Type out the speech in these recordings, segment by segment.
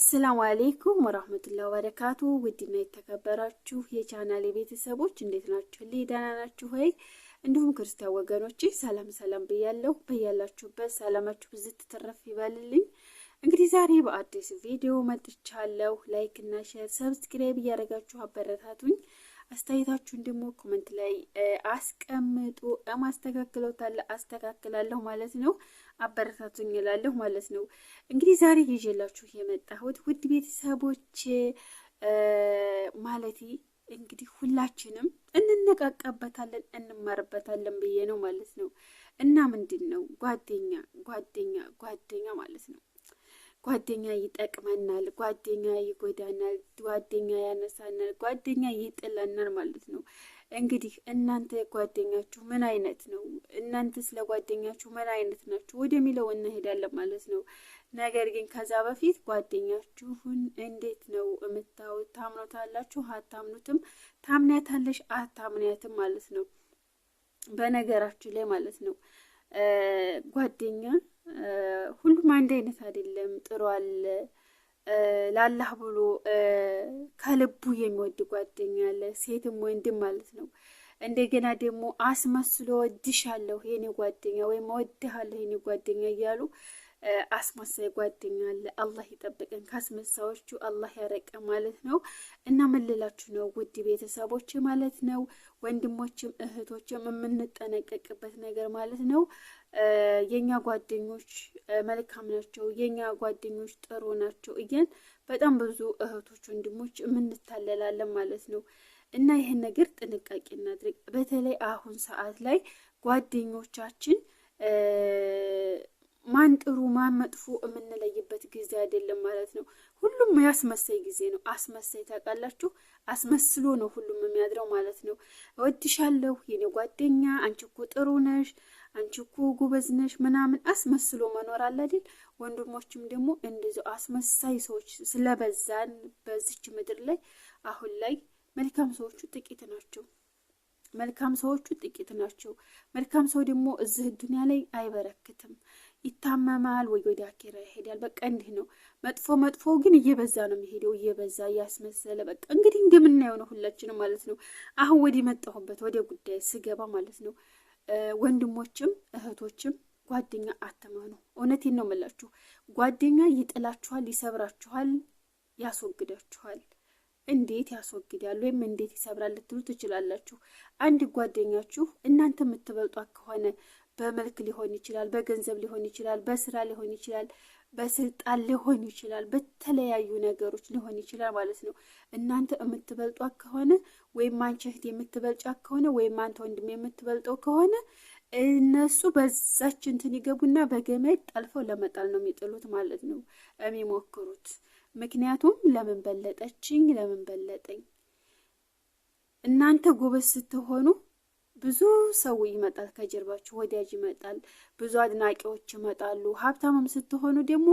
አሰላሙ አሌይኩም ወራህመቱላ ወበረካቱ። ውድና የተከበራችሁ የቻናሌ ቤተሰቦች እንዴት ናችሁ? ደህና ናችሁ ወይ? እንዲሁም ክርስቲያን ወገኖች ሰላም ሰላም ብያለሁ። በያላችሁበት ሰላማችሁ ብዝት ትረፍ ይበልልኝ። እንግዲህ ዛሬ በአዲስ ቪዲዮ መጥቻለሁ። ላይክ እና ሼር፣ ሰብስክራይብ እያደረጋችሁ አበረታቱኝ። አስተያየታችሁን ደግሞ ኮመንት ላይ አስቀምጡ። ማስተካክለውታለ አስተካክላለሁ ማለት ነው። አበረታቱኝ እላለሁ ማለት ነው። እንግዲህ ዛሬ ይዤላችሁ የመጣሁት ውድ ቤተሰቦች ማለቴ እንግዲህ ሁላችንም እንነቃቃበታለን እንማርበታለን ብዬ ነው ማለት ነው። እና ምንድን ነው ጓደኛ ጓደኛ ጓደኛ ማለት ነው። ጓደኛ ይጠቅመናል፣ ጓደኛ ይጎዳናል፣ ጓደኛ ያነሳናል፣ ጓደኛ ይጥለናል ማለት ነው። እንግዲህ እናንተ ጓደኛችሁ ምን አይነት ነው? ስለ ጓደኛችሁ ምን አይነት ናችሁ ወደሚለው እንሄዳለን ማለት ነው። ነገር ግን ከዛ በፊት ጓደኛችሁን እንዴት ነው የምታዩት? ታምኖታላችሁ? አታምኑትም? ታምንያታለሽ? አታምንያትም ማለት ነው። በነገራችሁ ላይ ማለት ነው ጓደኛ ሁሉም አንድ አይነት አይደለም። ጥሩ አለ ላላህ ብሎ ከልቡ የሚወድ ጓደኛ አለ፣ ሴትም ወንድም ማለት ነው። እንደገና ደግሞ አስመስሎ ወድሻለሁ የኔ ጓደኛ ወይም ወድሃለሁ የኔ ጓደኛ እያሉ አስመሳይ ጓደኛ አለ። አላህ ይጠብቀን ካስመሳዎቹ አላህ ያረቀ ማለት ነው። እና ምን ነው ውድ ቤተሰቦች ማለት ነው ወንድሞችም እህቶችም የምንጠነቀቅበት ነገር ማለት ነው። የኛ ጓደኞች መልካም ናቸው፣ የኛ ጓደኞች ጥሩ ናቸው እያን በጣም ብዙ እህቶች ወንድሞች የምንታለላለን ማለት ነው። እና ይህን ነገር ጥንቃቄ እናድርግ። በተለይ አሁን ሰዓት ላይ ጓደኞቻችን ማን ጥሩ ማን መጥፎ የምንለይበት ጊዜ አይደለም ማለት ነው። ሁሉም የአስመሳይ ጊዜ ነው። አስመሳይ ታውቃላችሁ፣ አስመስሎ ነው ሁሉም የሚያድረው ማለት ነው። እወድሻለሁ የኔ ጓደኛ፣ አንቺ እኮ ጥሩ ነሽ፣ አንቺ እኮ ጎበዝ ነሽ ምናምን አስመስሎ መኖር አለ አይደል? ወንድሞችም ደግሞ እንደዚው አስመሳይ ሰዎች ስለበዛን በዚች ምድር ላይ አሁን ላይ መልካም ሰዎቹ ጥቂት ናቸው። መልካም ሰዎቹ ጥቂት ናቸው። መልካም ሰው ደግሞ እዚህ ዱኒያ ላይ አይበረክትም። ይታመማል ወይ ወደ አኬራ ይሄዳል። በቃ እንዲህ ነው። መጥፎ መጥፎ ግን እየበዛ ነው የሚሄደው፣ እየበዛ እያስመሰለ በቃ እንግዲህ እንደምናየው ነው ሁላችንም ማለት ነው። አሁን ወደ መጣሁበት ወደ ጉዳይ ስገባ ማለት ነው ወንድሞችም እህቶችም ጓደኛ አትመኑ። እውነቴን ነው የምላችሁ። ጓደኛ ይጥላችኋል፣ ይሰብራችኋል፣ ያስወግዳችኋል። እንዴት ያስወግዳል ወይም እንዴት ይሰብራል ልትሉ ትችላላችሁ። አንድ ጓደኛችሁ እናንተ የምትበልጧት ከሆነ በመልክ ሊሆን ይችላል፣ በገንዘብ ሊሆን ይችላል፣ በስራ ሊሆን ይችላል፣ በስልጣን ሊሆን ይችላል፣ በተለያዩ ነገሮች ሊሆን ይችላል ማለት ነው። እናንተ የምትበልጧት ከሆነ ወይም አንቺ እህት የምትበልጫት ከሆነ ወይም አንተ ወንድም የምትበልጠው ከሆነ እነሱ በዛች እንትን ይገቡና በገመድ ጠልፈው ለመጣል ነው የሚጥሉት ማለት ነው የሚሞክሩት ምክንያቱም ለምን በለጠችኝ፣ ለምን በለጠኝ። እናንተ ጎበዝ ስትሆኑ ብዙ ሰው ይመጣል ከጀርባችሁ፣ ወዳጅ ይመጣል፣ ብዙ አድናቂዎች ይመጣሉ። ሀብታምም ስትሆኑ ደግሞ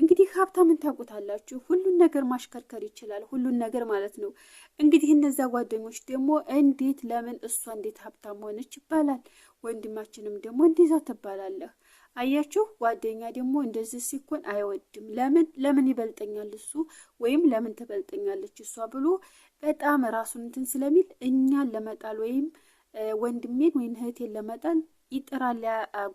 እንግዲህ ሀብታምን ታውቁታላችሁ፣ ሁሉን ነገር ማሽከርከር ይችላል፣ ሁሉን ነገር ማለት ነው። እንግዲህ እነዛ ጓደኞች ደግሞ እንዴት ለምን እሷ እንዴት ሀብታም ሆነች ይባላል። ወንድማችንም ደግሞ እንዲዛ ትባላለህ አያችሁ ጓደኛ ደግሞ እንደዚህ ሲኮን አይወድም። ለምን ለምን ይበልጠኛል እሱ ወይም ለምን ትበልጠኛለች እሷ ብሎ በጣም ራሱን እንትን ስለሚል እኛን ለመጣል ወይም ወንድሜን ወይም እህቴን ለመጣል ይጥራል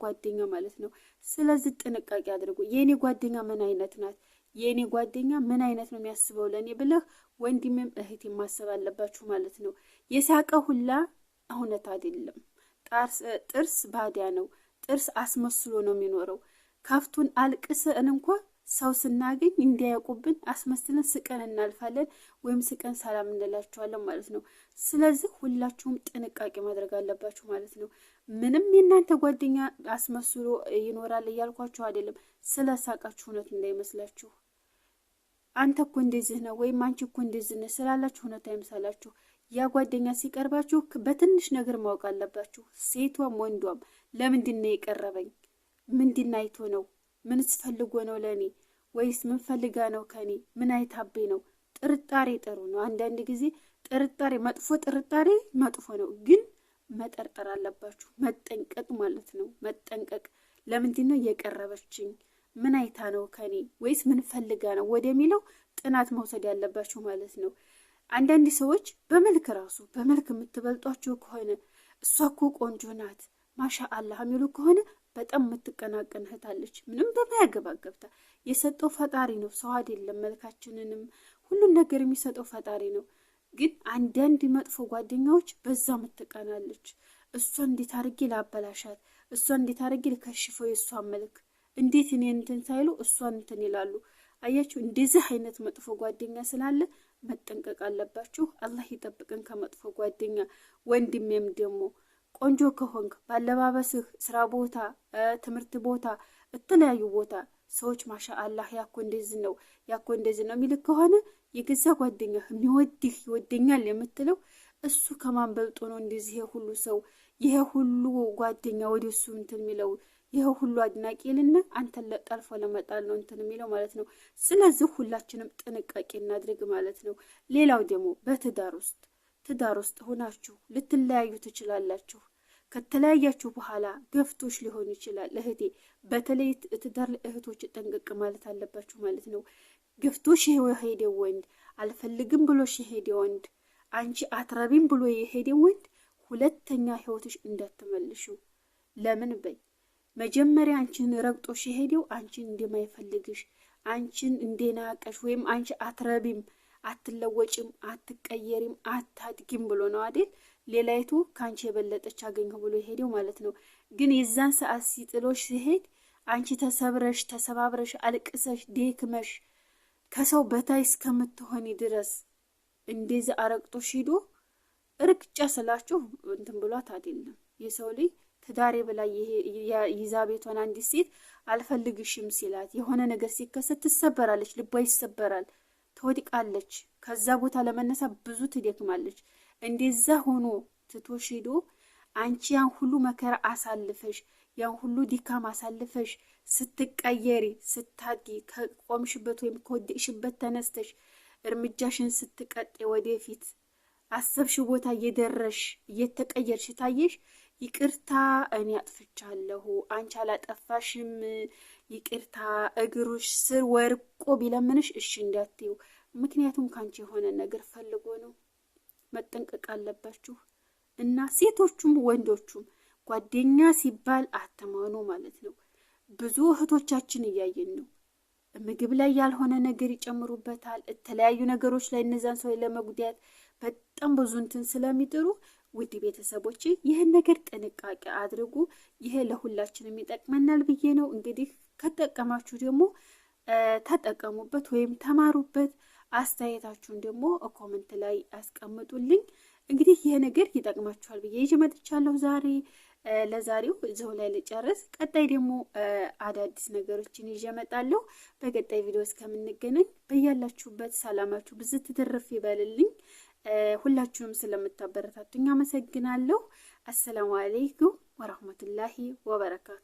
ጓደኛ ማለት ነው። ስለዚህ ጥንቃቄ አድርጉ። የእኔ ጓደኛ ምን አይነት ናት? የእኔ ጓደኛ ምን አይነት ነው የሚያስበው ለእኔ ብለህ ወንድሜም እህቴ ማሰብ አለባችሁ ማለት ነው። የሳቀ ሁላ እውነት አይደለም፣ ጥርስ ባዲያ ነው። ጥርስ አስመስሎ ነው የሚኖረው። ከፍቱን አልቅሰን እንኳ ሰው ስናገኝ እንዲያውቁብን አስመስለን ስቀን እናልፋለን፣ ወይም ስቀን ሰላም እንላቸዋለን ማለት ነው። ስለዚህ ሁላችሁም ጥንቃቄ ማድረግ አለባችሁ ማለት ነው። ምንም የእናንተ ጓደኛ አስመስሎ ይኖራል እያልኳችሁ አይደለም። ስለ ሳቃችሁ እውነት እንዳይመስላችሁ። አንተ እኮ እንደዚህ ነው ወይም አንቺ እኮ እንደዚህ ነው ስላላችሁ እውነት አይምሳላችሁ። ያ ጓደኛ ሲቀርባችሁ በትንሽ ነገር ማወቅ አለባችሁ። ሴቷም ወንዷም ለምንድን ነው የቀረበኝ? ምንድን አይቶ ነው? ምንስ ፈልጎ ነው ለእኔ? ወይስ ምን ፈልጋ ነው ከኔ? ምን አይታቤ ነው? ጥርጣሬ ጥሩ ነው። አንዳንድ ጊዜ ጥርጣሬ መጥፎ ጥርጣሬ መጥፎ ነው፣ ግን መጠርጠር አለባችሁ። መጠንቀቅ ማለት ነው። መጠንቀቅ ለምንድን ነው የቀረበችኝ? ምን አይታ ነው ከኔ? ወይስ ምን ፈልጋ ነው ወደሚለው ጥናት መውሰድ ያለባችሁ ማለት ነው። አንዳንድ ሰዎች በመልክ ራሱ በመልክ የምትበልጧቸው ከሆነ እሷ እኮ ቆንጆ ናት ማሻ አላህ የሚሉ ከሆነ በጣም የምትቀናቀን እህታለች። ምንም በማያገባ ገብታ የሰጠው ፈጣሪ ነው፣ ሰው አይደለም። መልካችንንም ሁሉን ነገር የሚሰጠው ፈጣሪ ነው። ግን አንዳንድ መጥፎ ጓደኛዎች በዛ ምትቀናለች። እሷ እንዴት አድርጌ ላበላሻት፣ እሷ እንዴት አድርጌ ልከሽፈው፣ የእሷን መልክ እንዴት እኔ እንትን ሳይሉ እሷን እንትን ይላሉ። አያችሁ፣ እንደዚህ አይነት መጥፎ ጓደኛ ስላለ መጠንቀቅ አለባችሁ። አላህ ይጠብቅን ከመጥፎ ጓደኛ። ወንድሜም ደግሞ ቆንጆ ከሆንክ ባለባበስህ፣ ስራ ቦታ፣ ትምህርት ቦታ፣ የተለያዩ ቦታ ሰዎች ማሻ አላህ ያኮ እንደዚህ ነው ያኮ እንደዚህ ነው የሚልክ ከሆነ የገዛ ጓደኛ የሚወድህ ይወደኛል የምትለው እሱ ከማን በልጦ ነው እንደዚህ ይሄ ሁሉ ሰው ይሄ ሁሉ ጓደኛ ወደ እሱ እንትን የሚለው ይኸው ሁሉ አድናቂ ልና አንተን ጠልፎ ለመጣል ነው እንትን የሚለው ማለት ነው። ስለዚህ ሁላችንም ጥንቃቄ እናድርግ ማለት ነው። ሌላው ደግሞ በትዳር ውስጥ ትዳር ውስጥ ሆናችሁ ልትለያዩ ትችላላችሁ። ከተለያያችሁ በኋላ ገፍቶች ሊሆን ይችላል። እህቴ በተለይ ትዳር እህቶች ጠንቅቅ ማለት አለባችሁ ማለት ነው። ገፍቶሽ የሄደ ወንድ አልፈልግም ብሎሽ የሄደ ወንድ አንቺ አትረቢም ብሎ የሄደ ወንድ ሁለተኛ ህይወትሽ እንዳትመልሹ ለምን በይ መጀመሪያ አንቺን ረግጦሽ የሄደው አንቺን እንደማይፈልግሽ አንቺን እንደናቀሽ ወይም አንቺ አትረቢም፣ አትለወጭም፣ አትቀየሪም፣ አታድጊም ብሎ ነው አይደል? ሌላይቱ ከአንቺ የበለጠች አገኘሁ ብሎ የሄደው ማለት ነው። ግን የዛን ሰዓት ሲጥሎሽ ሲሄድ አንቺ ተሰብረሽ ተሰባብረሽ አልቅሰሽ ደክመሽ ከሰው በታይ እስከምትሆኒ ድረስ እንደዚ አረግጦሽ ሂዶ እርግጫ ስላችሁ እንትን ብሏት አይደለም የሰው ልጅ ትዳሬ ብላ ይዛ ቤቷን አንዲት ሴት አልፈልግሽም ሲላት የሆነ ነገር ሲከሰት ትሰበራለች፣ ልቧ ይሰበራል፣ ትወድቃለች። ከዛ ቦታ ለመነሳ ብዙ ትደክማለች። እንደዛ ሆኖ ትቶሽ ሄዶ አንቺ ያን ሁሉ መከራ አሳልፈሽ ያን ሁሉ ድካም አሳልፈሽ ስትቀየሪ ስታድጊ ከቆምሽበት ወይም ከወደቅሽበት ተነስተሽ እርምጃሽን ስትቀጤ ወደፊት አሰብሽ ቦታ እየደረሽ እየተቀየርሽ ታየሽ ይቅርታ እኔ አጥፍቻለሁ፣ አንቺ አላጠፋሽም፣ ይቅርታ እግሮች ስር ወርቆ ቢለምንሽ እሺ እንዳትዪው። ምክንያቱም ከአንቺ የሆነ ነገር ፈልጎ ነው። መጠንቀቅ አለባችሁ እና ሴቶቹም ወንዶቹም ጓደኛ ሲባል አተማኑ ማለት ነው። ብዙ እህቶቻችን እያየን ነው። ምግብ ላይ ያልሆነ ነገር ይጨምሩበታል። የተለያዩ ነገሮች ላይ እነዛን ሰው ለመጉዳት በጣም ብዙ እንትን ስለሚጥሩ ውድ ቤተሰቦች ይህን ነገር ጥንቃቄ አድርጉ። ይሄ ለሁላችንም ይጠቅመናል ብዬ ነው። እንግዲህ ከጠቀማችሁ ደግሞ ተጠቀሙበት ወይም ተማሩበት። አስተያየታችሁን ደግሞ ኮመንት ላይ አስቀምጡልኝ። እንግዲህ ይሄ ነገር ይጠቅማችኋል ብዬ ይዤ መጥቻለሁ ዛሬ ለዛሬው እዚሁ ላይ ልጨርስ። ቀጣይ ደግሞ አዳዲስ ነገሮችን ይዤ እመጣለሁ። በቀጣይ ቪዲዮ እስከምንገናኝ በያላችሁበት ሰላማችሁ ብዝት ትርፍ ይበልልኝ። ሁላችሁም ስለምታበረታቱኝ አመሰግናለሁ። አሰላሙ አሌይኩም ወረህመቱላሂ ወበረካቱ።